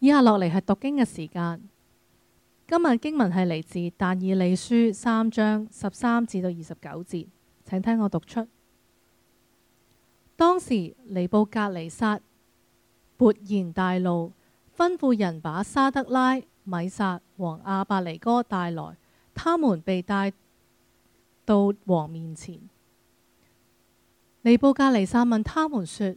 以下落嚟係讀經嘅時間。今日經文係嚟自但以理書三章十三至到二十九節，請聽我讀出。當時尼布甲尼撒勃然大怒，吩咐人把沙得拉、米煞和亞伯尼歌帶來。他們被帶到王面前。尼布甲尼撒問他們說：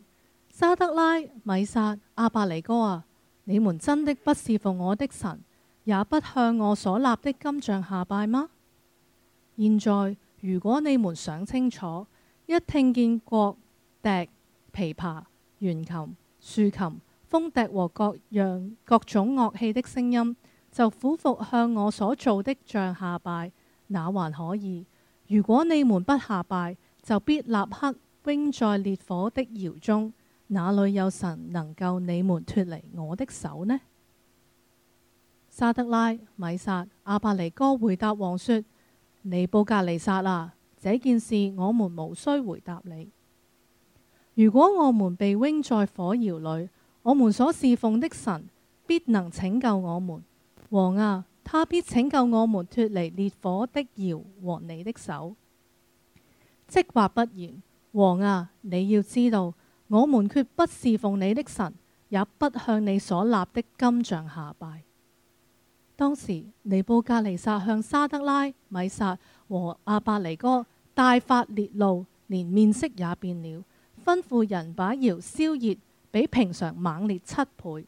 沙得拉、米煞、亞伯尼歌啊！你們真的不侍奉我的神，也不向我所立的金像下拜嗎？現在，如果你們想清楚，一聽見角笛、琵琶、絃琴、豎琴、風笛和各樣各種樂器的聲音，就俯伏向我所做的像下拜，那還可以；如果你們不下拜，就必立刻扔在烈火的窑中。哪裡有神能夠你們脱離我的手呢？沙得拉、米煞、亞伯尼歌回答王說：尼布甲尼撒啊，這件事我們無需回答你。如果我們被扔在火窑裡，我們所侍奉的神必能拯救我們。王啊，他必拯救我們脱離烈火的窑和你的手。即或不然，王啊，你要知道。我們決不侍奉你的神，也不向你所立的金像下拜。當時尼布甲尼撒向沙得拉、米煞和亞伯尼歌大發烈怒，連面色也變了，吩咐人把窑燒熱,熱，比平常猛烈七倍。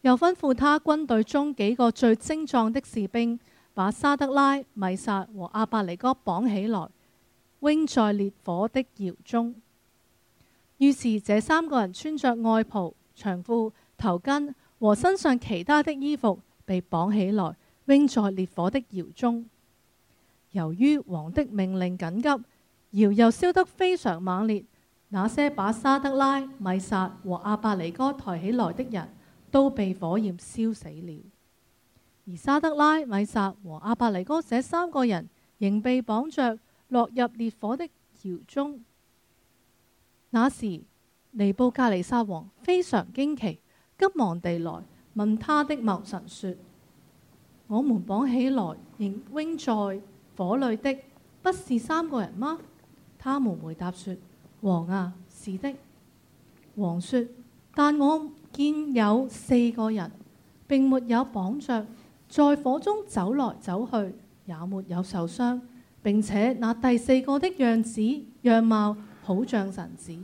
又吩咐他軍隊中幾個最精壯的士兵，把沙得拉、米煞和亞伯尼歌綁起來，扔在烈火的窑中。於是，這三個人穿着外袍、長褲、頭巾和身上其他的衣服被綁起來，扔在烈火的窯中。由於王的命令緊急，窯又燒得非常猛烈，那些把沙得拉、米煞和亞伯尼歌抬起來的人都被火焰燒死了。而沙得拉、米煞和亞伯尼歌這三個人仍被綁着落入烈火的窯中。那時尼布甲尼撒王非常驚奇，急忙地來問他的謀臣說：我們綁起來仍擁在火裏的，不是三個人嗎？他們回答說：王啊，是的。王說：但我見有四個人，並沒有綁着，在火中走來走去，也沒有受傷，並且那第四個的樣子樣貌。好像神子，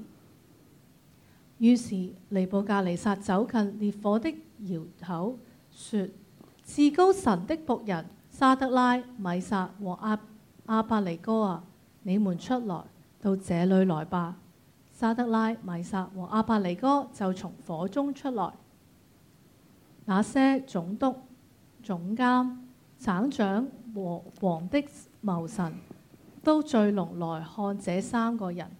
於是尼布加尼撒走近烈火的窯口，說：至高神的僕人沙德拉、米撒和阿阿伯尼哥啊，你們出來到這裏來吧！沙德拉、米撒和阿伯尼哥就從火中出來。那些總督、總監、省長和王的謀臣都聚攏來看這三個人。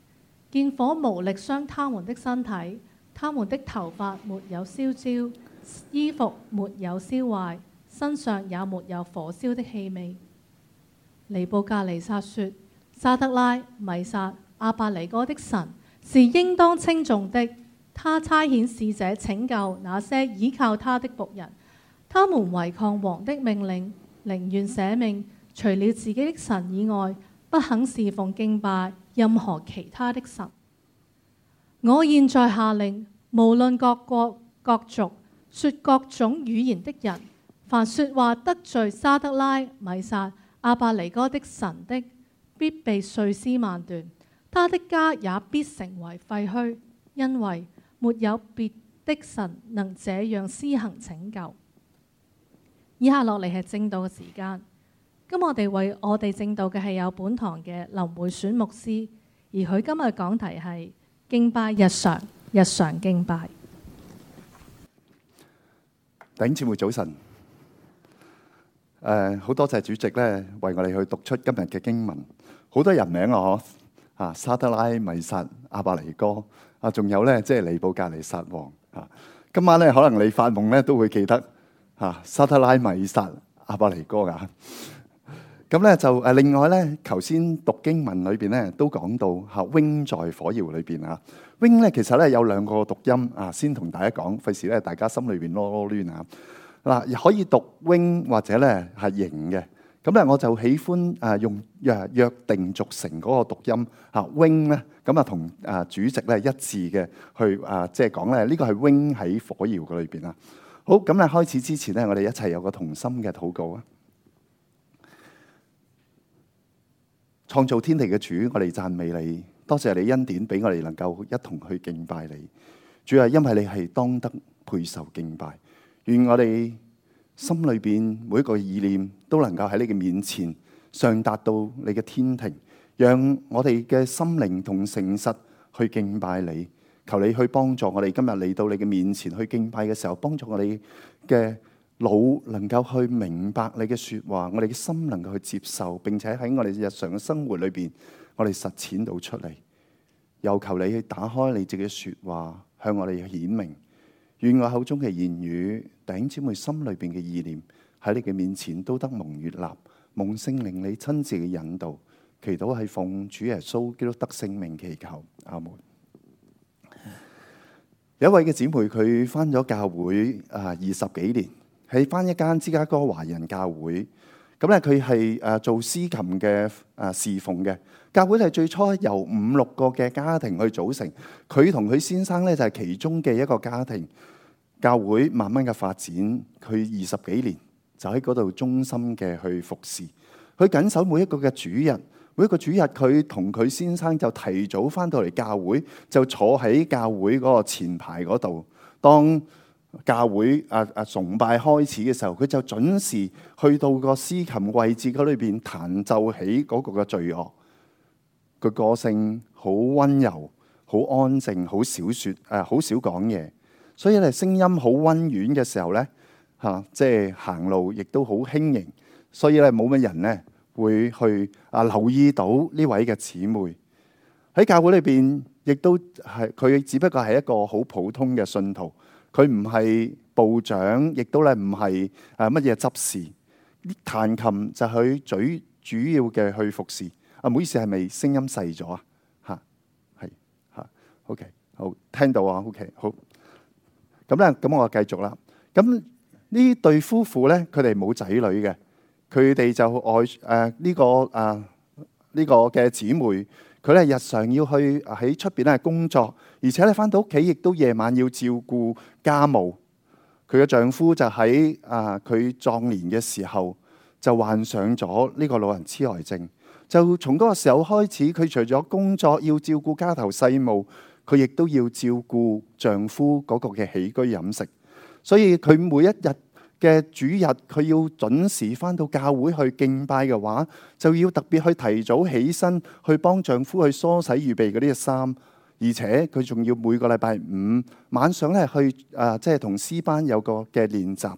見火無力傷他們的身體，他們的頭髮沒有燒焦，衣服沒有燒壞，身上也沒有火燒的氣味。尼布甲尼撒說：沙德拉、米煞、阿伯尼哥的神是應當稱頌的，他差遣使者拯救那些倚靠他的僕人。他們違抗王的命令，寧願捨命，除了自己的神以外，不肯侍奉敬拜，任何其他的神，我現在下令，無論各國、各族、說各種語言的人，凡說話得罪沙得拉、米煞、亞伯尼歌的神的，必被碎屍萬段，他的家也必成為廢墟，因為沒有別的神能這樣施行拯救。以下落嚟係證道嘅時間。咁我哋為我哋證道嘅係有本堂嘅林會選牧師而，而佢今日講題係敬拜日常，日常敬拜。弟兄姊妹早晨，誒、呃，好多謝主席咧，為我哋去讀出今日嘅經文，好多人名啊，嗬啊，沙特拉米撒阿伯尼哥啊，仲有咧，即係尼布甲尼撒王啊。今晚咧，可能你發夢咧都會記得啊，沙特拉米撒阿伯尼哥噶。咁咧就誒，另外咧，頭先讀經文裏邊咧都講到嚇，wing 在火窯裏邊啊。wing 咧其實咧有兩個讀音啊，先同大家講，費事咧大家心裏邊囉囉攣啊。嗱，可以讀 wing 或者咧係形嘅。咁咧我就喜歡誒用約約定俗成嗰個讀音嚇 wing 咧。咁啊同誒主席咧一致嘅去誒，即係講咧呢個係 wing 喺火窯嘅裏邊啊。好，咁咧開始之前咧，我哋一齊有個同心嘅禱告啊。創造天地嘅主，我哋讚美你，多謝你恩典，俾我哋能夠一同去敬拜你。主，係因為你係當得配受敬拜，願我哋心裏邊每一個意念都能夠喺你嘅面前上達到你嘅天庭，讓我哋嘅心靈同誠實去敬拜你。求你去幫助我哋今日嚟到你嘅面前去敬拜嘅時候，幫助我哋嘅。老能夠去明白你嘅說話，我哋嘅心能夠去接受，並且喺我哋日常嘅生活裏邊，我哋實踐到出嚟。又求你去打開你自己嘅說話，向我哋顯明，願我口中嘅言語、弟兄姊妹心裏邊嘅意念，喺你嘅面前都得蒙悅納，蒙聖靈你親自嘅引導。祈禱係奉主耶穌基督得聖名祈求。阿門。有一位嘅姊妹佢翻咗教會啊二十幾年。喺翻一間芝加哥華人教會，咁咧佢係誒做司琴嘅誒侍奉嘅。教會係最初由五六個嘅家庭去組成，佢同佢先生咧就係其中嘅一個家庭。教會慢慢嘅發展，佢二十幾年就喺嗰度忠心嘅去服侍。佢緊守每一個嘅主日，每一個主日佢同佢先生就提早翻到嚟教會，就坐喺教會嗰個前排嗰度當。教會啊啊崇拜開始嘅時候，佢就準時去到個司琴位置嗰裏邊彈奏起嗰個嘅罪惡。佢個性好溫柔、好安靜、好少說誒，好少講嘢，所以咧聲音好溫軟嘅時候咧，吓即係行路亦都好輕盈，所以咧冇乜人咧會去啊留意到呢位嘅姊妹喺教會裏邊，亦都係佢只不過係一個好普通嘅信徒。佢唔係部長，亦都咧唔係誒乜嘢執事，彈琴就佢最主要嘅去服侍。啊，唔好意思，係咪聲音細咗啊？嚇，係、啊、嚇。OK，好聽到啊。OK，好。咁咧，咁我繼續啦。咁呢對夫婦咧，佢哋冇仔女嘅，佢哋就愛誒呢個啊呢、呃呢個嘅姊妹。佢係日常要去喺出邊咧工作，而且咧翻到屋企亦都夜晚要照顧家務。佢嘅丈夫就喺啊佢壯年嘅時候就患上咗呢個老人痴呆症，就從嗰個時候開始，佢除咗工作要照顧家頭細務，佢亦都要照顧丈夫嗰個嘅起居飲食，所以佢每一日嘅主日佢要準時返到教會去敬拜嘅話，就要特別去提早起身去幫丈夫去梳洗預備嗰啲嘅衫，而且佢仲要每個禮拜五晚上咧去啊，即係同詩班有個嘅練習，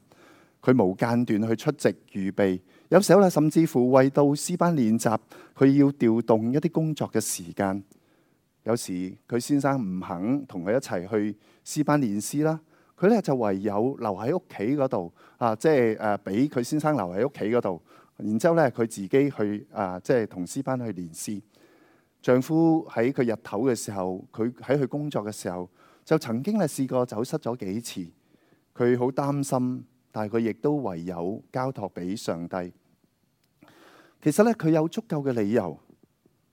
佢無間斷去出席預備。有時候咧，甚至乎為到詩班練習，佢要調動一啲工作嘅時間。有時佢先生唔肯同佢一齊去詩班練詩啦。佢咧就唯有留喺屋企嗰度啊，即係誒俾佢先生留喺屋企嗰度，然之後咧佢自己去啊，即係同詩班去練詩。丈夫喺佢日頭嘅時候，佢喺佢工作嘅時候，就曾經咧試過走失咗幾次。佢好擔心，但係佢亦都唯有交託俾上帝。其實咧，佢有足夠嘅理由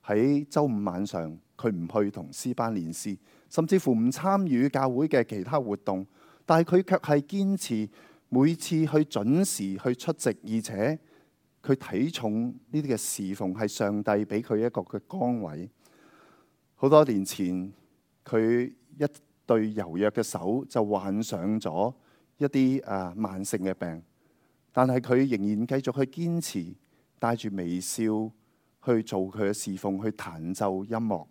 喺周五晚上佢唔去同詩班練詩，甚至乎唔參與教會嘅其他活動。但係佢卻係堅持每次去準時去出席，而且佢睇重呢啲嘅侍奉係上帝俾佢一個嘅崗位。好多年前，佢一對柔弱嘅手就患上咗一啲啊慢性嘅病，但係佢仍然繼續去堅持，帶住微笑去做佢嘅侍奉，去彈奏音樂。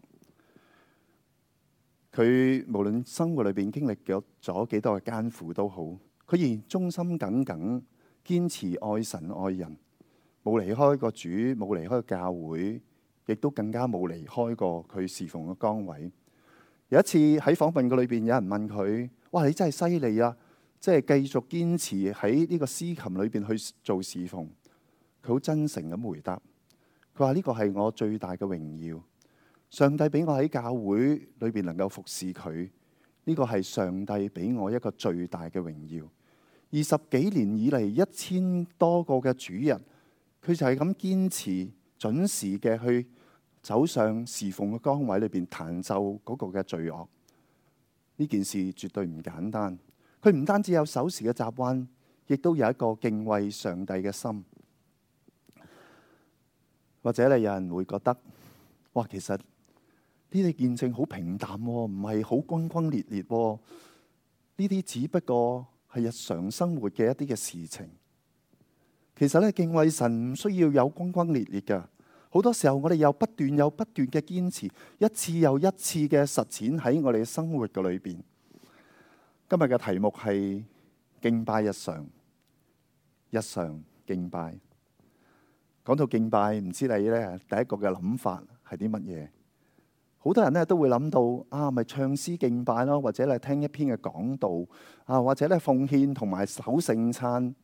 佢無論生活裏邊經歷咗幾多嘅艱苦都好，佢仍然忠心耿耿，堅持愛神愛人，冇離開過主，冇離開過教會，亦都更加冇離開過佢侍奉嘅崗位。有一次喺訪問嘅裏邊，有人問佢：哇，你真係犀利啊！即係繼續堅持喺呢個詩琴裏邊去做侍奉。佢好真誠咁回答：佢話呢個係我最大嘅榮耀。上帝俾我喺教會裏邊能夠服侍佢，呢個係上帝俾我一個最大嘅榮耀。二十幾年以嚟，一千多個嘅主人，佢就係咁堅持準時嘅去走上侍奉嘅崗位裏邊彈奏嗰個嘅罪惡。呢件事絕對唔簡單。佢唔單止有守時嘅習慣，亦都有一個敬畏上帝嘅心。或者你有人會覺得，哇，其實呢啲見證好平淡，唔係好轟轟烈烈。呢啲只不過係日常生活嘅一啲嘅事情。其實咧敬畏神唔需要有轟轟烈烈嘅，好多時候我哋又不斷又不斷嘅堅持，一次又一次嘅實踐喺我哋生活嘅裏邊。今日嘅題目係敬拜日常，日常敬拜。講到敬拜，唔知你咧第一個嘅諗法係啲乜嘢？好多人咧都會諗到啊，咪唱詩敬拜咯，或者咧聽一篇嘅講道啊，或者咧奉獻同埋守聖餐，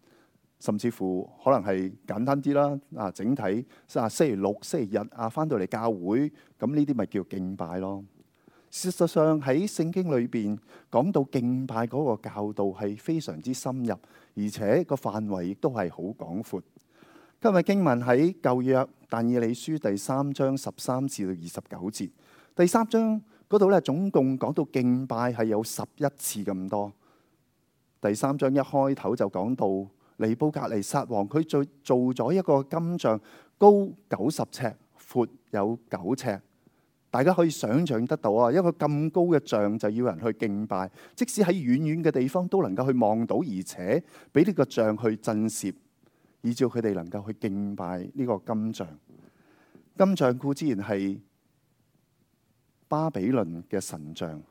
甚至乎可能係簡單啲啦啊。整體啊，星期六、星期日啊，翻到嚟教會咁，呢啲咪叫敬拜咯。事實上喺聖經裏邊講到敬拜嗰個教導係非常之深入，而且個範圍亦都係好廣闊。今日經文喺舊約但以理書第三章十三至到二十九節。第三章嗰度咧，總共講到敬拜係有十一次咁多。第三章一開頭就講到尼布甲尼撒王佢做，佢再做咗一個金像，高九十尺，闊有九尺。大家可以想像得到啊，一個咁高嘅像就要人去敬拜，即使喺遠遠嘅地方都能夠去望到，而且俾呢個像去震懾，以致佢哋能夠去敬拜呢個金像。金像固之然係巴比倫嘅神像，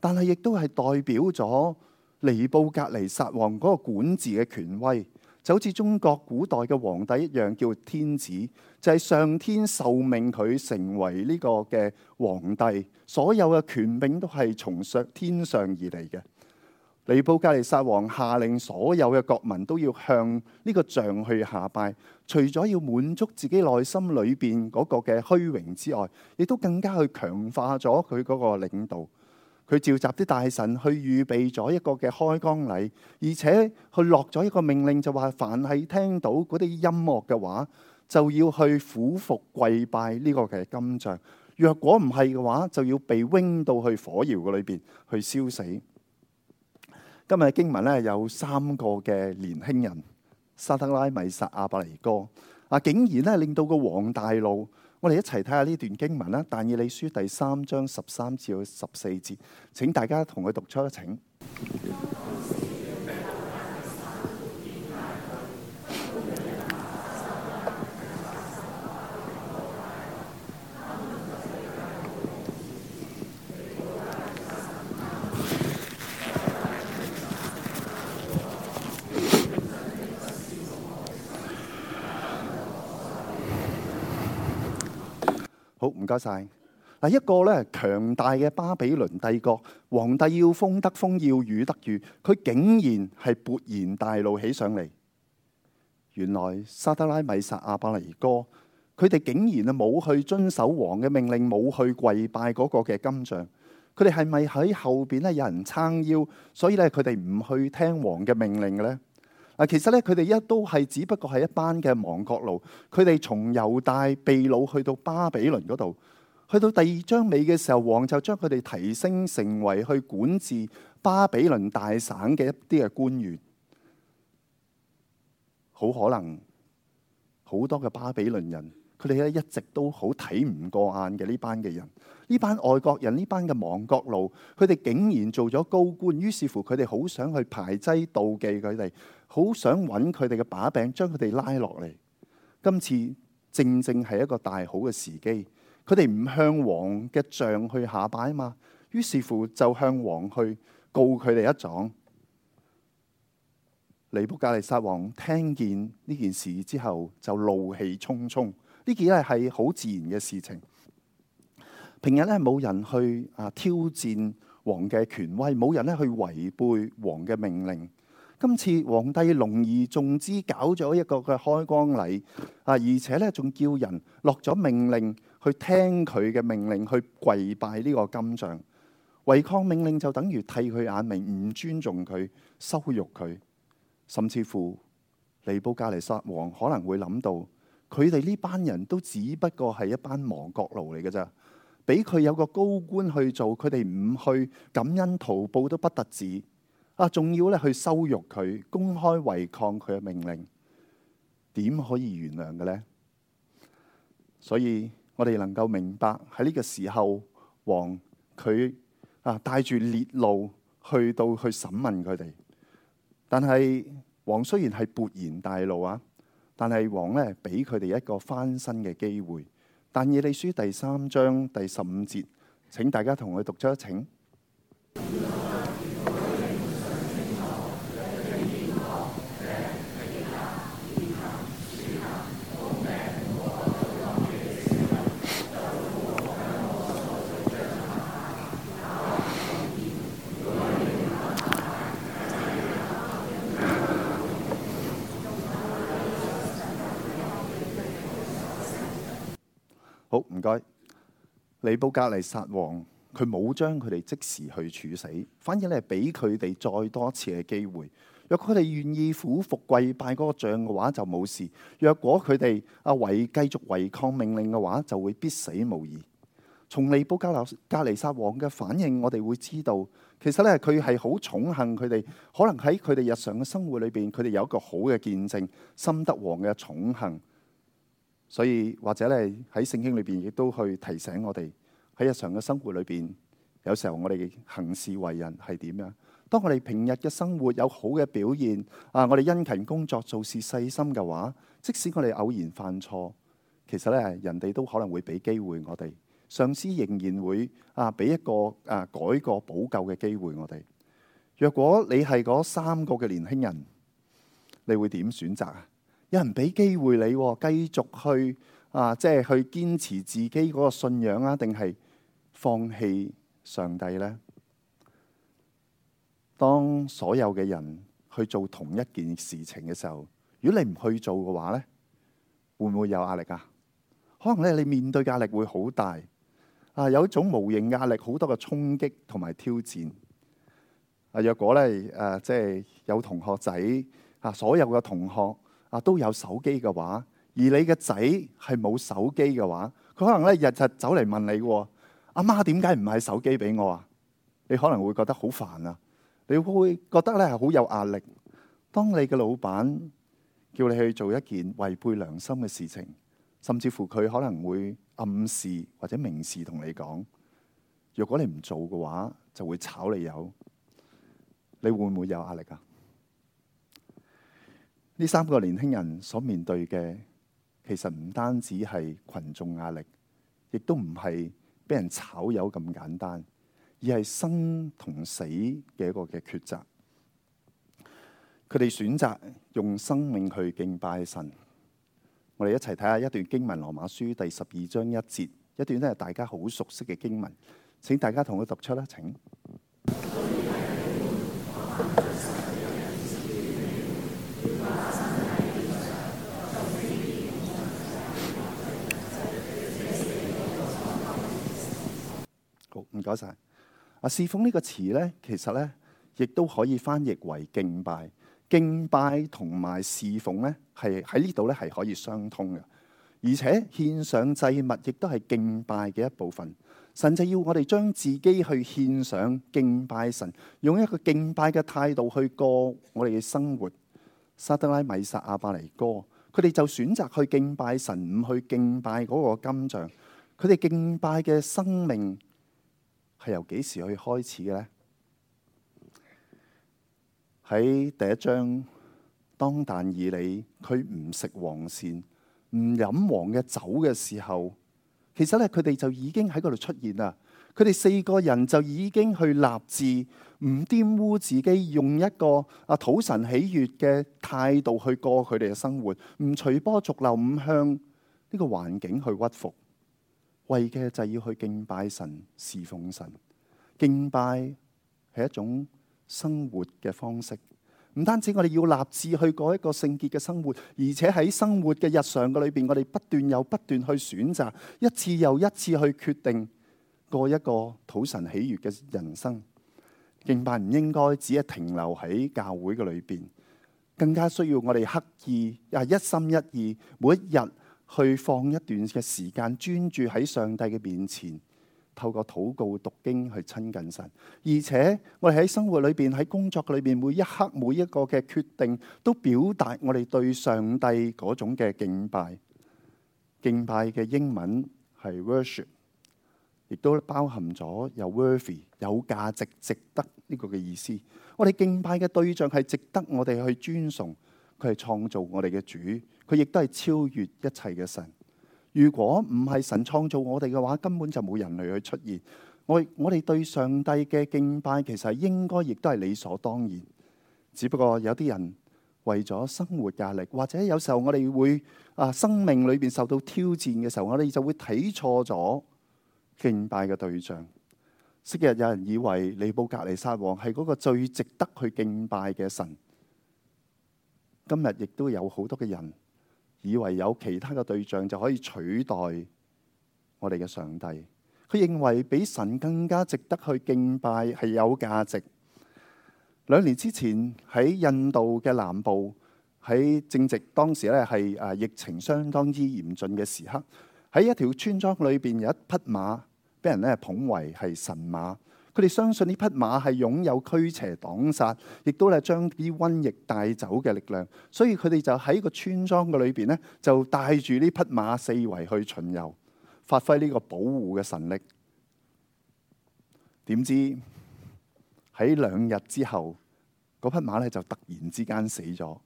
但係亦都係代表咗尼布格尼撒王嗰個管治嘅權威，就好似中國古代嘅皇帝一樣，叫天子，就係、是、上天授命佢成為呢個嘅皇帝，所有嘅權柄都係從天上而嚟嘅。尼布加利撒王下令所有嘅國民都要向呢個像去下拜，除咗要滿足自己內心裏邊嗰個嘅虛榮之外，亦都更加去強化咗佢嗰個領導。佢召集啲大臣去預備咗一個嘅開光禮，而且佢落咗一個命令，就話凡係聽到嗰啲音樂嘅話，就要去俯伏跪拜呢個嘅金像；若果唔係嘅話，就要被扔到去火窑嘅裏邊去燒死。今日嘅經文咧有三個嘅年輕人，沙得拉、米沙、亞伯尼哥，啊，竟然咧令到個王大怒。我哋一齊睇下呢段經文啦，《但以理書》第三章十三至十四節。請大家同佢讀出，一請。嗯好唔該晒。嗱，一個咧強大嘅巴比倫帝國皇帝要風得風，要雨得雨，佢竟然係勃然大怒起上嚟。原來沙德拉、米撒、亞伯尼哥，佢哋竟然啊冇去遵守王嘅命令，冇去跪拜嗰個嘅金像。佢哋係咪喺後邊咧有人撐腰，所以咧佢哋唔去聽王嘅命令嘅咧？嗱，其實咧，佢哋一都係只不過係一班嘅亡國奴。佢哋從猶大被擄去到巴比倫嗰度，去到第二章尾嘅時候，王就將佢哋提升成為去管治巴比倫大省嘅一啲嘅官員。好可能好多嘅巴比倫人，佢哋咧一直都好睇唔過眼嘅呢班嘅人，呢班外國人，呢班嘅亡國奴，佢哋竟然做咗高官，於是乎佢哋好想去排擠妒忌佢哋。好想揾佢哋嘅把柄，將佢哋拉落嚟。今次正正係一個大好嘅時機。佢哋唔向王嘅像去下拜啊嘛，於是乎就向王去告佢哋一狀。尼布甲尼撒王聽見呢件事之後，就怒氣沖沖。呢幾樣係好自然嘅事情。平日咧冇人去啊挑戰王嘅權威，冇人咧去違背王嘅命令。今次皇帝隆而重之搞咗一個嘅開光禮，啊，而且咧仲叫人落咗命令去聽佢嘅命令，去跪拜呢個金像，違抗命令就等於剃佢眼眉，唔尊重佢，羞辱佢，甚至乎尼布甲尼撒王可能會諗到，佢哋呢班人都只不過係一班亡國奴嚟嘅咋，俾佢有個高官去做，佢哋唔去感恩圖報都不得止。啊！仲要咧去羞辱佢，公開違抗佢嘅命令，點可以原諒嘅咧？所以我哋能夠明白喺呢個時候，王佢啊帶住烈怒去到去審問佢哋。但係王雖然係勃然大怒啊，但係王咧俾佢哋一個翻身嘅機會。但以理書第三章第十五節，請大家同佢讀出一請。 尼布甲尼撒王，佢冇將佢哋即時去處死，反而咧俾佢哋再多一次嘅機會。若佢哋願意俯伏跪拜嗰個像嘅話，就冇事；若果佢哋阿違繼續違抗命令嘅話，就會必死無疑。從尼布甲尼撒王嘅反應，我哋會知道，其實咧佢係好寵幸佢哋。可能喺佢哋日常嘅生活裏邊，佢哋有一個好嘅見證，心得王嘅寵幸。所以或者咧喺聖經裏邊亦都去提醒我哋喺日常嘅生活裏邊，有時候我哋行事為人係點樣？當我哋平日嘅生活有好嘅表現啊，我哋殷勤工作、做事細心嘅話，即使我哋偶然犯錯，其實咧人哋都可能會俾機會我哋，上司仍然會啊俾一個啊改過補救嘅機會我哋。若果你係嗰三個嘅年輕人，你會點選擇啊？有人俾機會你繼續去啊，即係去堅持自己嗰個信仰啊，定係放棄上帝呢？當所有嘅人去做同一件事情嘅時候，如果你唔去做嘅話呢，會唔會有壓力啊？可能咧，你面對壓力會好大啊，有一種無形壓力，好多嘅衝擊同埋挑戰啊。若果咧，誒即係有同學仔啊，所有嘅同學。啊，都有手機嘅話，而你嘅仔係冇手機嘅話，佢可能咧日日走嚟問你，阿、啊、媽，點解唔買手機俾我啊？你可能會覺得好煩啊，你會覺得咧係好有壓力。當你嘅老闆叫你去做一件違背良心嘅事情，甚至乎佢可能會暗示或者明示同你講，如果你唔做嘅話，就會炒你魷。你會唔會有壓力啊？呢三個年輕人所面對嘅，其實唔單止係群眾壓力，亦都唔係俾人炒魷咁簡單，而係生同死嘅一個嘅抉擇。佢哋選擇用生命去敬拜神。我哋一齊睇下一段經文《羅馬書》第十二章一節，一段真係大家好熟悉嘅經文。請大家同佢讀出啦，請。 多謝阿，侍奉呢個詞呢，其實呢亦都可以翻譯為敬拜。敬拜同埋侍奉呢，係喺呢度呢，係可以相通嘅。而且獻上祭物亦都係敬拜嘅一部分。神就要我哋將自己去獻上敬拜神，用一個敬拜嘅態度去過我哋嘅生活。沙得拉、米煞、亞伯尼哥，佢哋就選擇去敬拜神，唔去敬拜嗰個金像。佢哋敬拜嘅生命。係由幾時去開始嘅咧？喺第一章，當但以你，佢唔食黃鱔、唔飲黃嘅酒嘅時候，其實咧佢哋就已經喺嗰度出現啦。佢哋四個人就已經去立志，唔玷污自己，用一個啊土神喜悅嘅態度去過佢哋嘅生活，唔隨波逐流，唔向呢個環境去屈服。為嘅就係要去敬拜神、侍奉神。敬拜係一種生活嘅方式，唔單止我哋要立志去過一個聖潔嘅生活，而且喺生活嘅日常嘅裏邊，我哋不斷又不斷去選擇，一次又一次去決定過一個討神喜悅嘅人生。敬拜唔應該只係停留喺教會嘅裏邊，更加需要我哋刻意啊一心一意，每一日。去放一段嘅時間，專注喺上帝嘅面前，透過禱告讀經去親近神，而且我哋喺生活裏邊、喺工作裏邊，每一刻每一個嘅決定，都表達我哋對上帝嗰種嘅敬拜。敬拜嘅英文係 worship，亦都包含咗有 worthy 有價值、值得呢個嘅意思。我哋敬拜嘅對象係值得我哋去尊崇，佢係創造我哋嘅主。佢亦都係超越一切嘅神。如果唔係神創造我哋嘅話，根本就冇人類去出現。我我哋對上帝嘅敬拜，其實應該亦都係理所當然。只不過有啲人為咗生活壓力，或者有時候我哋會啊生命裏邊受到挑戰嘅時候，我哋就會睇錯咗敬拜嘅對象。昔日有人以為尼布甲尼撒王係嗰個最值得去敬拜嘅神。今日亦都有好多嘅人。以為有其他嘅對象就可以取代我哋嘅上帝，佢認為比神更加值得去敬拜係有價值。兩年之前喺印度嘅南部，喺正值當時咧係疫情相當之嚴峻嘅時刻，喺一條村莊裏邊有一匹馬，俾人咧捧為係神馬。佢哋相信呢匹馬係擁有驅邪擋殺，亦都咧將啲瘟疫帶走嘅力量，所以佢哋就喺個村莊嘅裏邊咧，就帶住呢匹馬四圍去巡遊，發揮呢個保護嘅神力。點知喺兩日之後，嗰匹馬咧就突然之間死咗。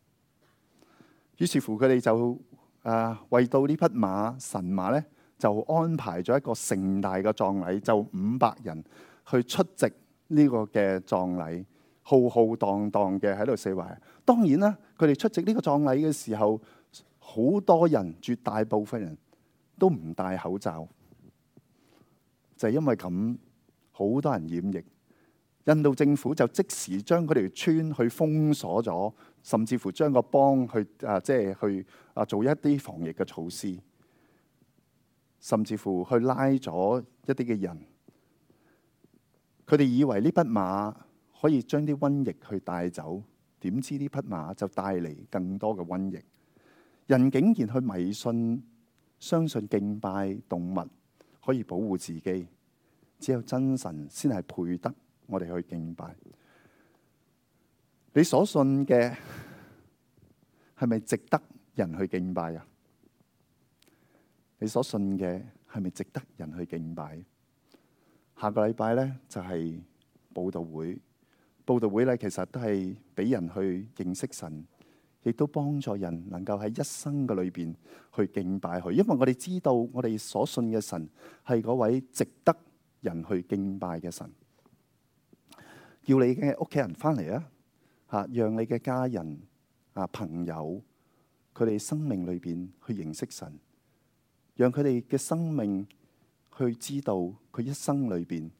於是乎他們，佢哋就啊為到呢匹馬神馬咧，就安排咗一個盛大嘅葬禮，就五百人。去出席呢個嘅葬禮，浩浩蕩蕩嘅喺度四圍。當然啦，佢哋出席呢個葬禮嘅時候，好多人，絕大部分人都唔戴口罩，就係、是、因為咁，好多人染疫。印度政府就即時將嗰條村去封鎖咗，甚至乎將個邦去啊，即、就、係、是、去啊做一啲防疫嘅措施，甚至乎去拉咗一啲嘅人。佢哋以為呢匹馬可以將啲瘟疫去帶走，點知呢匹馬就帶嚟更多嘅瘟疫。人竟然去迷信，相信敬拜動物可以保護自己，只有真神先係配得我哋去敬拜。你所信嘅係咪值得人去敬拜啊？你所信嘅係咪值得人去敬拜？下個禮拜咧就係佈道會，佈道會咧其實都係俾人去認識神，亦都幫助人能夠喺一生嘅裏邊去敬拜佢，因為我哋知道我哋所信嘅神係嗰位值得人去敬拜嘅神。叫你嘅屋企人返嚟啊，吓，讓你嘅家人啊朋友，佢哋生命裏邊去認識神，讓佢哋嘅生命。佢知道佢一生裏邊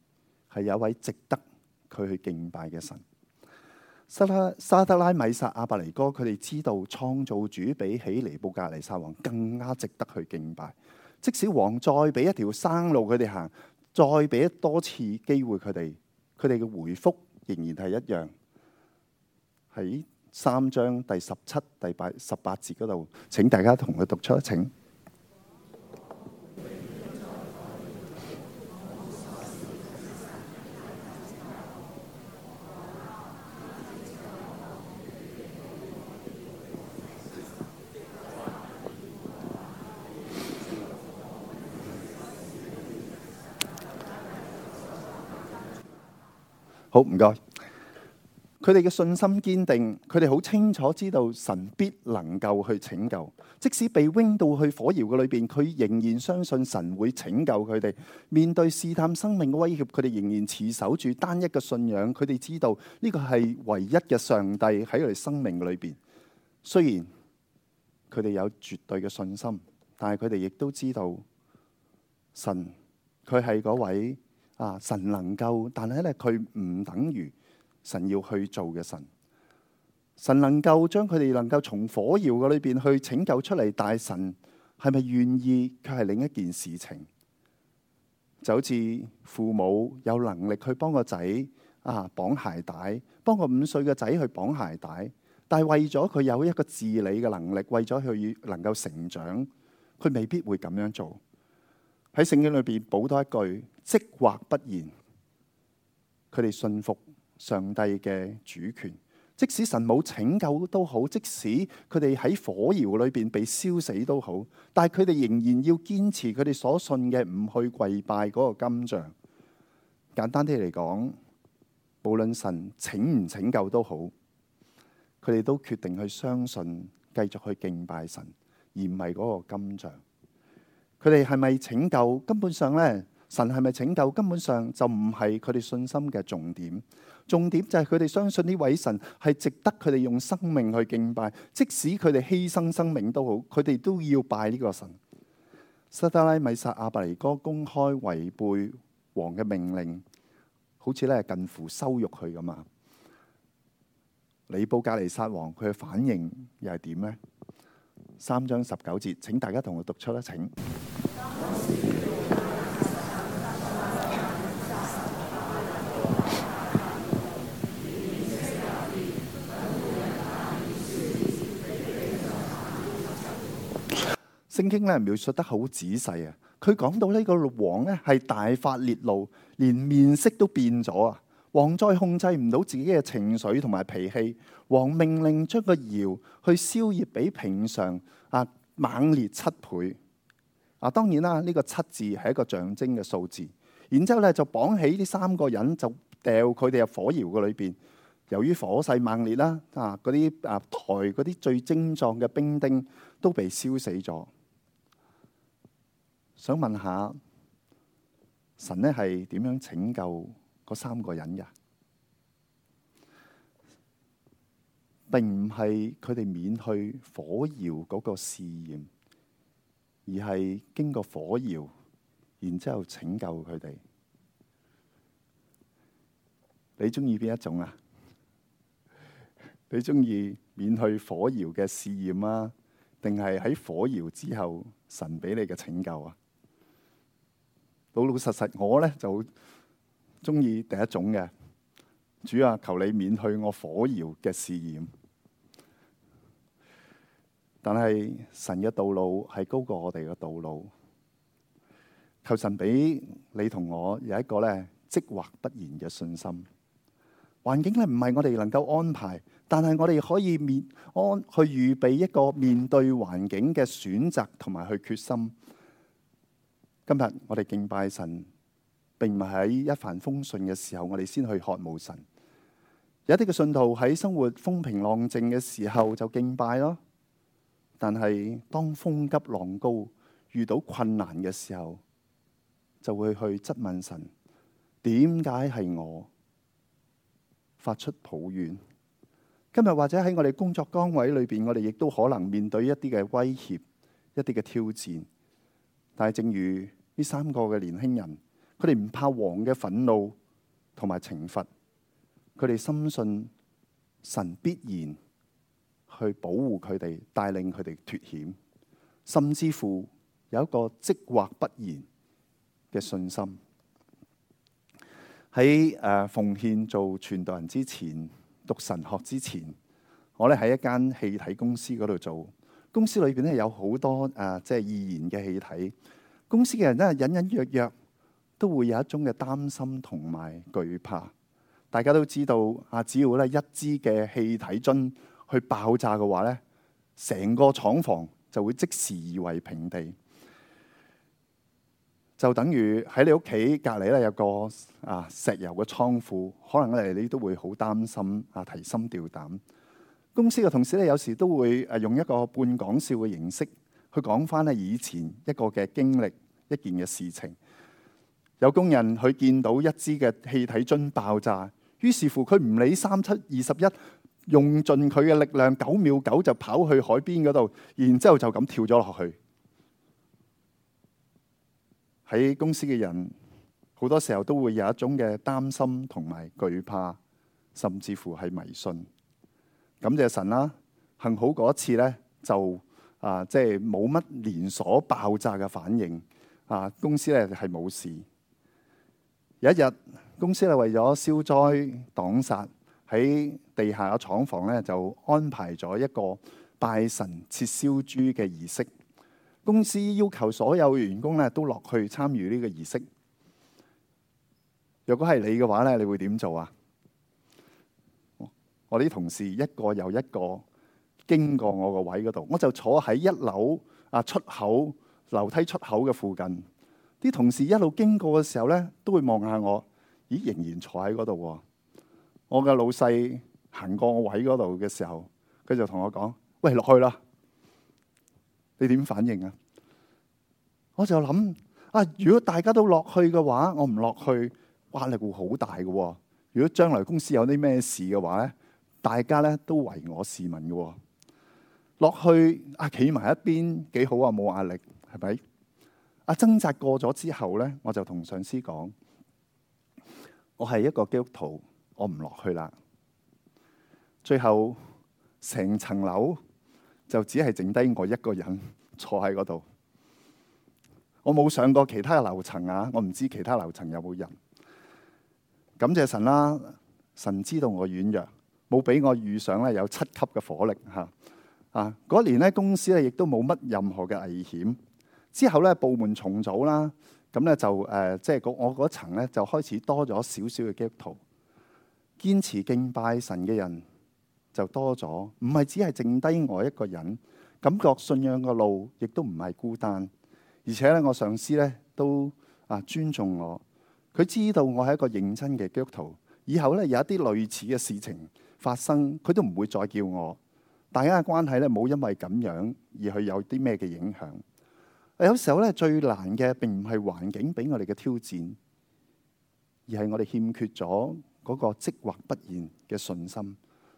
係有位值得佢去敬拜嘅神。沙拉沙德拉米撒阿伯尼哥，佢哋知道創造主比起尼布甲尼撒王更加值得去敬拜。即使王再俾一條生路佢哋行，再俾多次機會佢哋，佢哋嘅回覆仍然係一樣。喺三章第十七、第八、十八節嗰度，請大家同佢讀出，請。好，唔該。佢哋嘅信心堅定，佢哋好清楚知道神必能夠去拯救。即使被扔到去火窯嘅裏邊，佢仍然相信神會拯救佢哋。面對試探生命嘅威脅，佢哋仍然持守住單一嘅信仰。佢哋知道呢個係唯一嘅上帝喺佢哋生命嘅裏邊。雖然佢哋有絕對嘅信心，但係佢哋亦都知道神佢係嗰位。啊！神能夠，但係咧，佢唔等於神要去做嘅神。神能夠將佢哋能夠從火窯嘅裏邊去拯救出嚟，但神係咪願意？佢係另一件事情，就好似父母有能力去幫個仔啊，綁鞋帶，幫個五歲嘅仔去綁鞋帶，但係為咗佢有一個自理嘅能力，為咗佢能夠成長，佢未必會咁樣做。喺聖經裏邊補多一句。即或不然，佢哋信服上帝嘅主權，即使神冇拯救都好，即使佢哋喺火窯裏邊被燒死都好，但係佢哋仍然要堅持佢哋所信嘅，唔去跪拜嗰個金像。簡單啲嚟講，無論神拯唔拯救都好，佢哋都決定去相信，繼續去敬拜神，而唔係嗰個金像。佢哋係咪拯救？根本上呢。神係咪拯救？根本上就唔係佢哋信心嘅重點，重點就係佢哋相信呢位神係值得佢哋用生命去敬拜，即使佢哋犧牲生命都好，佢哋都要拜呢個神。沙得拉、米煞、亞伯尼歌公開違背王嘅命令，好似咧近乎羞辱佢咁啊！尼布甲尼撒王佢嘅反應又係點呢？三章十九節，請大家同我讀出啦，請。聖經咧描述得好仔細啊！佢講到呢個王咧係大發烈怒，連面色都變咗啊！王再控制唔到自己嘅情緒同埋脾氣，王命令將個窯去燒熱比平常啊猛烈七倍啊！當然啦，呢個七字係一個象徵嘅數字。然之後咧就綁起呢三個人，就掉佢哋入火窯嗰裏邊。由於火勢猛烈啦啊，嗰啲啊台嗰啲最精壯嘅兵丁都被燒死咗。想問下，神咧係點樣拯救嗰三個人嘅？並唔係佢哋免去火窯嗰個試驗，而係經過火窯，然之後拯救佢哋。你中意邊一種啊？你中意免去火窯嘅試驗啊，定係喺火窯之後神俾你嘅拯救啊？老老實實，我咧就中意第一種嘅。主啊，求你免去我火窯嘅試驗。但係神嘅道路係高過我哋嘅道路。求神俾你同我有一個咧即或不然嘅信心環。環境咧唔係我哋能夠安排，但係我哋可以面安去預備一個面對環境嘅選擇同埋去決心。今日我哋敬拜神，並唔係喺一帆風順嘅時候，我哋先去渴慕神。有啲嘅信徒喺生活風平浪靜嘅時候就敬拜咯，但係當風急浪高，遇到困難嘅時候，就會去質問神：點解係我發出抱怨？今日或者喺我哋工作崗位裏邊，我哋亦都可能面對一啲嘅威脅、一啲嘅挑戰，但係正如……呢三個嘅年輕人，佢哋唔怕王嘅憤怒同埋懲罰，佢哋深信神必然去保護佢哋，帶領佢哋脫險，甚至乎有一個即或不然嘅信心。喺誒奉獻做傳道人之前，讀神學之前，我咧喺一間氣體公司嗰度做，公司裏邊咧有好多誒、呃、即係易燃嘅氣體。公司嘅人真係隱隱約約都會有一種嘅擔心同埋懼怕。大家都知道啊，只要咧一支嘅氣體樽去爆炸嘅話咧，成個廠房就會即時夷為平地。就等於喺你屋企隔籬咧有個啊石油嘅倉庫，可能咧你都會好擔心啊提心吊膽。公司嘅同事咧有時都會誒用一個半講笑嘅形式。佢講翻以前一個嘅經歷，一件嘅事情。有工人佢見到一支嘅氣體樽爆炸，於是乎佢唔理三七二十一，用盡佢嘅力量九秒九就跑去海邊嗰度，然之後就咁跳咗落去。喺公司嘅人好多時候都會有一種嘅擔心同埋懼怕，甚至乎係迷信。感謝神啦、啊，幸好嗰一次呢就。啊，即係冇乜連鎖爆炸嘅反應。啊，公司咧係冇事。有一日，公司咧為咗消災擋煞，喺地下嘅廠房咧就安排咗一個拜神切燒豬嘅儀式。公司要求所有員工咧都落去參與呢個儀式。如果係你嘅話咧，你會點做啊？我啲同事一個又一個，經過我個位嗰度，我就坐喺一樓啊，出口樓梯出口嘅附近。啲同事一路經過嘅時候咧，都會望下我，咦，仍然坐喺嗰度喎。我嘅老細行過我位嗰度嘅時候，佢就同我講：喂，落去啦！你點反應啊？我就諗啊，如果大家都落去嘅話，我唔落去，壓力會好大嘅、哦。如果將來公司有啲咩事嘅話咧，大家咧都為我是問嘅。落去啊，企埋一邊幾好啊，冇壓力係咪？啊，掙扎過咗之後咧，我就同上司講：我係一個基督徒，我唔落去啦。最後成層樓就只係剩低我一個人坐喺嗰度。我冇上過其他樓層啊，我唔知其他樓層有冇人。感謝神啦、啊，神知道我軟弱，冇俾我遇上咧有七級嘅火力、啊嗰、啊、年咧，公司咧亦都冇乜任何嘅危險。之後咧，部門重組啦，咁咧就誒，即、呃、係、就是、我嗰層咧就開始多咗少少嘅基督徒，堅持敬拜神嘅人就多咗，唔係只係剩低我一個人。感覺信仰嘅路亦都唔係孤單，而且咧，我上司咧都啊尊重我，佢知道我係一個認真嘅基督徒。以後咧有一啲類似嘅事情發生，佢都唔會再叫我。大家嘅關係咧，冇因為咁樣而去有啲咩嘅影響。有時候咧，最難嘅並唔係環境俾我哋嘅挑戰，而係我哋欠缺咗嗰個即或不然嘅信心。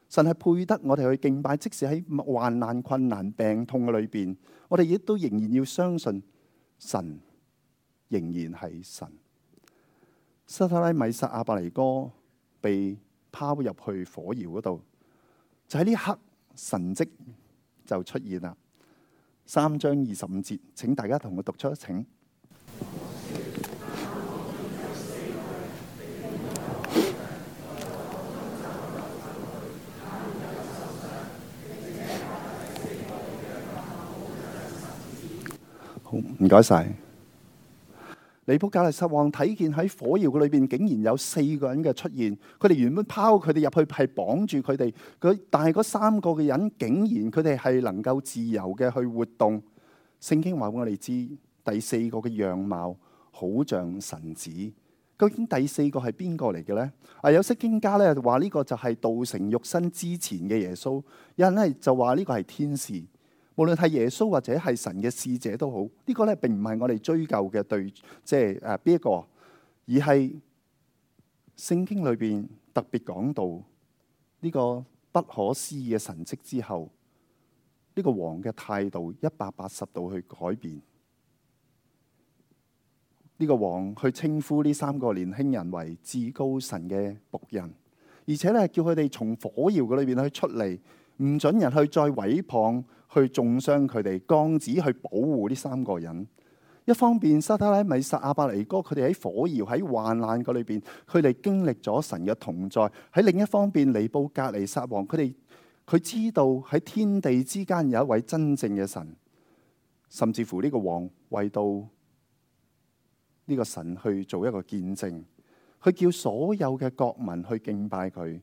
神係配得我哋去敬拜，即使喺患難、困難、病痛嘅裏邊，我哋亦都仍然要相信神，仍然係神。沙得拉、米煞、亞伯尼歌被拋入去火窯嗰度，就喺呢一刻。神蹟就出現啦，三章二十五節，請大家同我讀出，請好唔該晒。尼布甲尼撒王睇見喺火窯裏邊竟然有四個人嘅出現，佢哋原本拋佢哋入去係綁住佢哋，佢但係嗰三個嘅人竟然佢哋係能夠自由嘅去活動。聖經話俾我哋知，第四個嘅樣貌好像神子。究竟第四個係邊個嚟嘅呢？啊，有些釋經家咧就話呢個就係道成肉身之前嘅耶穌，有人咧就話呢個係天使。無論係耶穌或者係神嘅使者都好，呢個咧並唔係我哋追究嘅對，即係誒邊一個，而係聖經裏邊特別講到呢個不可思議嘅神迹之後，呢個王嘅態度一百八十度去改變，呢個王去稱呼呢三個年輕人為至高神嘅僕人，而且咧叫佢哋從火窑嘅裏邊去出嚟，唔准人去再毀謗。去重傷佢哋，剛子去保護呢三個人。一方面，沙得拉、米煞、亞伯尼歌，佢哋喺火窯喺患難個裏邊，佢哋經歷咗神嘅同在。喺另一方面，尼布甲尼撒王，佢哋佢知道喺天地之間有一位真正嘅神，甚至乎呢個王為到呢個神去做一個見證，佢叫所有嘅國民去敬拜佢，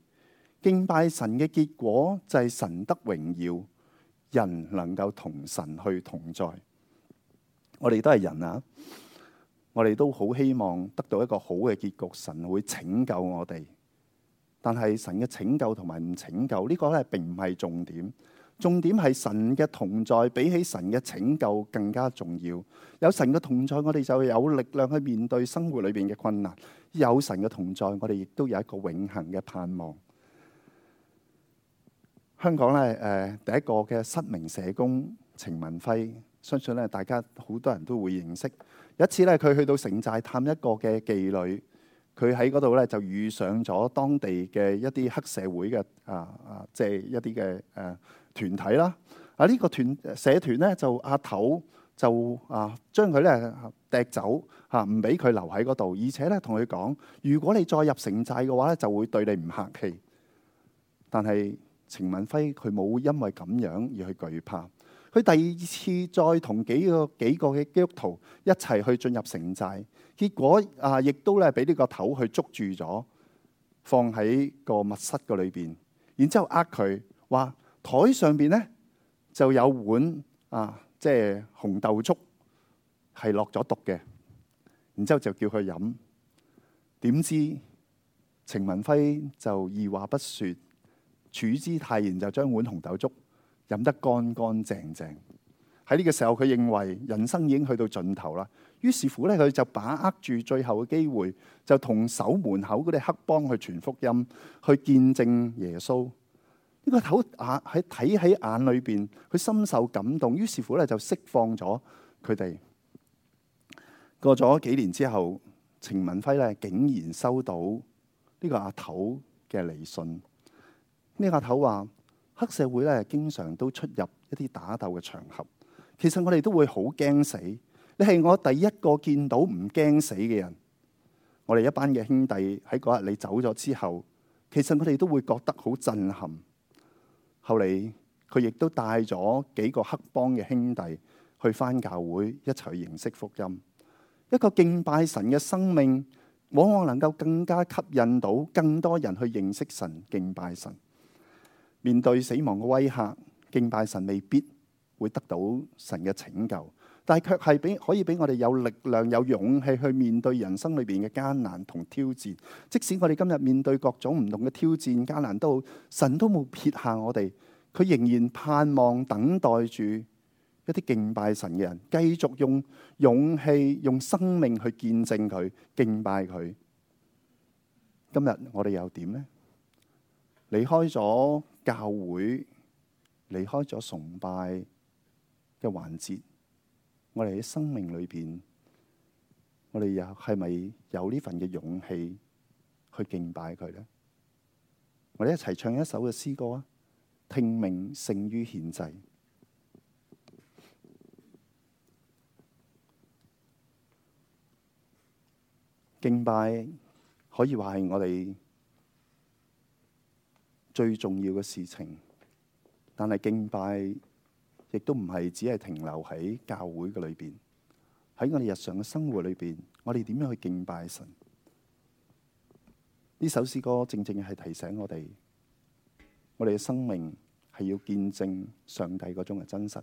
敬拜神嘅結果就係神得榮耀。人能夠同神去同在，我哋都係人啊！我哋都好希望得到一個好嘅結局，神會拯救我哋。但係神嘅拯救同埋唔拯救呢個咧並唔係重點，重點係神嘅同在比起神嘅拯救更加重要。有神嘅同在，我哋就有力量去面對生活裏面嘅困難；有神嘅同在，我哋亦都有一個永恆嘅盼望。香港咧，誒、呃、第一個嘅失明社工程文輝，相信咧大家好多人都會認識。有一次咧，佢去到城寨探一個嘅妓女，佢喺嗰度咧就遇上咗當地嘅一啲黑社會嘅啊啊，即、啊、係、啊、一啲嘅誒團體啦。啊呢、呢個團社團咧，就阿、啊、頭就啊將佢咧掟走吓，唔俾佢留喺嗰度，而且咧同佢講，如果你再入城寨嘅話咧，就會對你唔客氣。但係，程文輝佢冇因為咁樣而去懼怕，佢第二次再同幾個幾個嘅基督徒一齊去進入城寨，結果啊，亦都咧俾呢個頭去捉住咗，放喺個密室嗰裏邊，然之後呃佢話台上邊咧就有碗啊，即係紅豆粥係落咗毒嘅，然之後就叫佢飲，點知程文輝就二話不說。處之泰然，就將碗紅豆粥飲得乾乾淨淨。喺呢個時候，佢認為人生已經去到盡頭啦。於是乎咧，佢就把握住最後嘅機會，就同守門口嗰啲黑幫去傳福音，去見證耶穌。呢個頭眼喺睇喺眼裏邊，佢深受感動。於是乎咧，就釋放咗佢哋。過咗幾年之後，程文輝咧竟然收到呢個阿頭嘅嚟信。呢個頭話黑社會咧，經常都出入一啲打鬥嘅場合。其實我哋都會好驚死。你係我第一個見到唔驚死嘅人。我哋一班嘅兄弟喺嗰日你走咗之後，其實我哋都會覺得好震撼。後嚟佢亦都帶咗幾個黑幫嘅兄弟去返教會一齊去認識福音。一個敬拜神嘅生命，往往能夠更加吸引到更多人去認識神、敬拜神。面對死亡嘅威嚇，敬拜神未必會得到神嘅拯救，但係卻係俾可以俾我哋有力量、有勇氣去面對人生裏邊嘅艱難同挑戰。即使我哋今日面對各種唔同嘅挑戰、艱難都好，神都冇撇下我哋，佢仍然盼望等待住一啲敬拜神嘅人，繼續用勇氣、用生命去見證佢、敬拜佢。今日我哋又點呢？離開咗。教會離開咗崇拜嘅環節，我哋喺生命裏邊，我哋又係咪有呢份嘅勇氣去敬拜佢呢？我哋一齊唱一首嘅詩歌啊！聽命勝於獻祭，敬拜可以話係我哋。最重要嘅事情，但係敬拜亦都唔係只係停留喺教會嘅裏邊，喺我哋日常嘅生活裏邊，我哋點樣去敬拜神？呢首詩歌正正係提醒我哋，我哋嘅生命係要見證上帝嗰種嘅真實。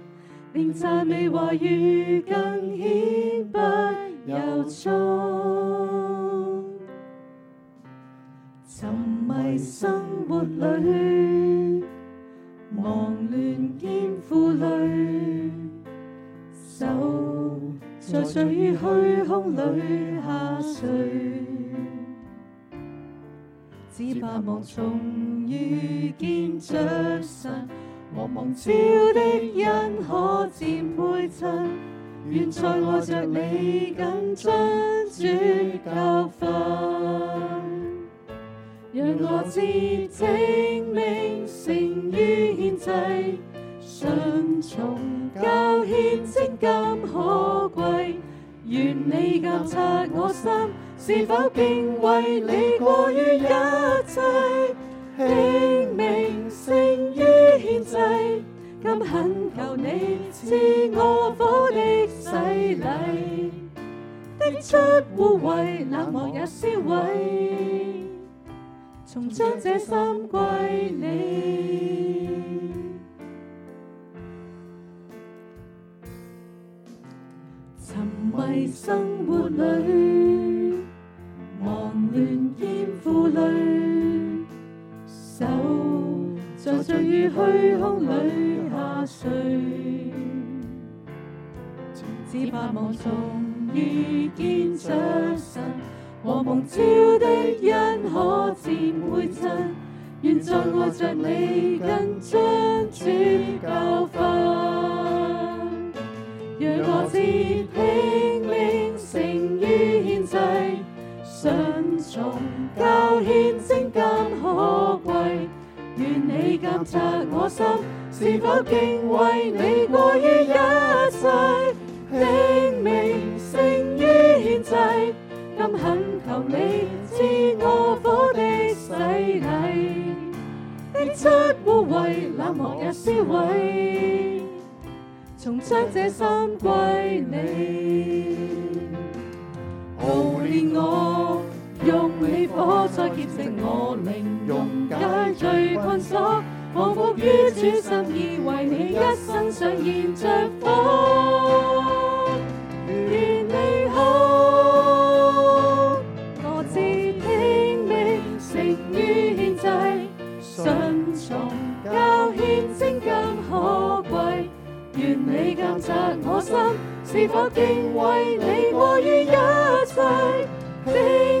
令讚美話語更顯不由衷，沉迷生活裏，忙亂兼負累，手在睡於虛空裏下垂，只盼望重遇見着神。我茫焦的恩可漸配襯，願再愛着你緊遵主教訓，讓我知清明勝於獻祭，順從教獻精金可貴，願你鑒察我心，是否敬畏你過於一切。明命勝於獻祭，今懇求你賜我火的洗禮，釘出污穢，冷漠也燒毀，重將這心歸你。 沉迷生活裏，忙亂兼負累。走，在罪與虛空裏下墜，只盼望重遇見着神和蒙召的恩，可漸會真。願在愛着你更將主教訓，若我自拼命勝於獻祭，順從較獻精更可。你鑒察我心，是否敬畏你過於一切？性命勝於獻祭。今懇求你賜我火的洗禮，逼出污穢，冷漠也消毀，重將這心歸你，留戀我。用你火再潔淨我靈，融解罪困鎖。我伏於主心意，為你一生常燃着火。願你好，我自聽命勝於獻祭，信從較獻，精更可貴。願你鑒察我心，是否敬畏你過於一切。你。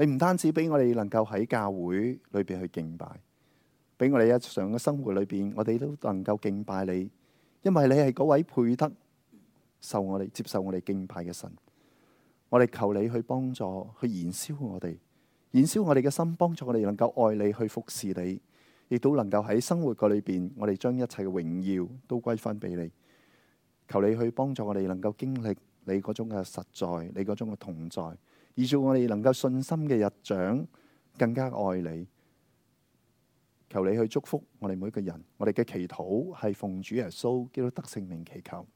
你唔單止俾我哋能夠喺教會裏邊去敬拜，俾我哋日常嘅生活裏邊，我哋都能夠敬拜你，因為你係嗰位配得受我哋接受我哋敬拜嘅神。我哋求你去幫助，去燃燒我哋，燃燒我哋嘅心，幫助我哋能夠愛你，去服侍你，亦都能夠喺生活個裏邊，我哋將一切嘅榮耀都歸返俾你。求你去幫助我哋，能夠經歷你嗰種嘅實在，你嗰種嘅同在。以做我哋能夠信心嘅日長，更加愛你，求你去祝福我哋每一個人，我哋嘅祈禱係奉主耶穌基督得勝名祈求。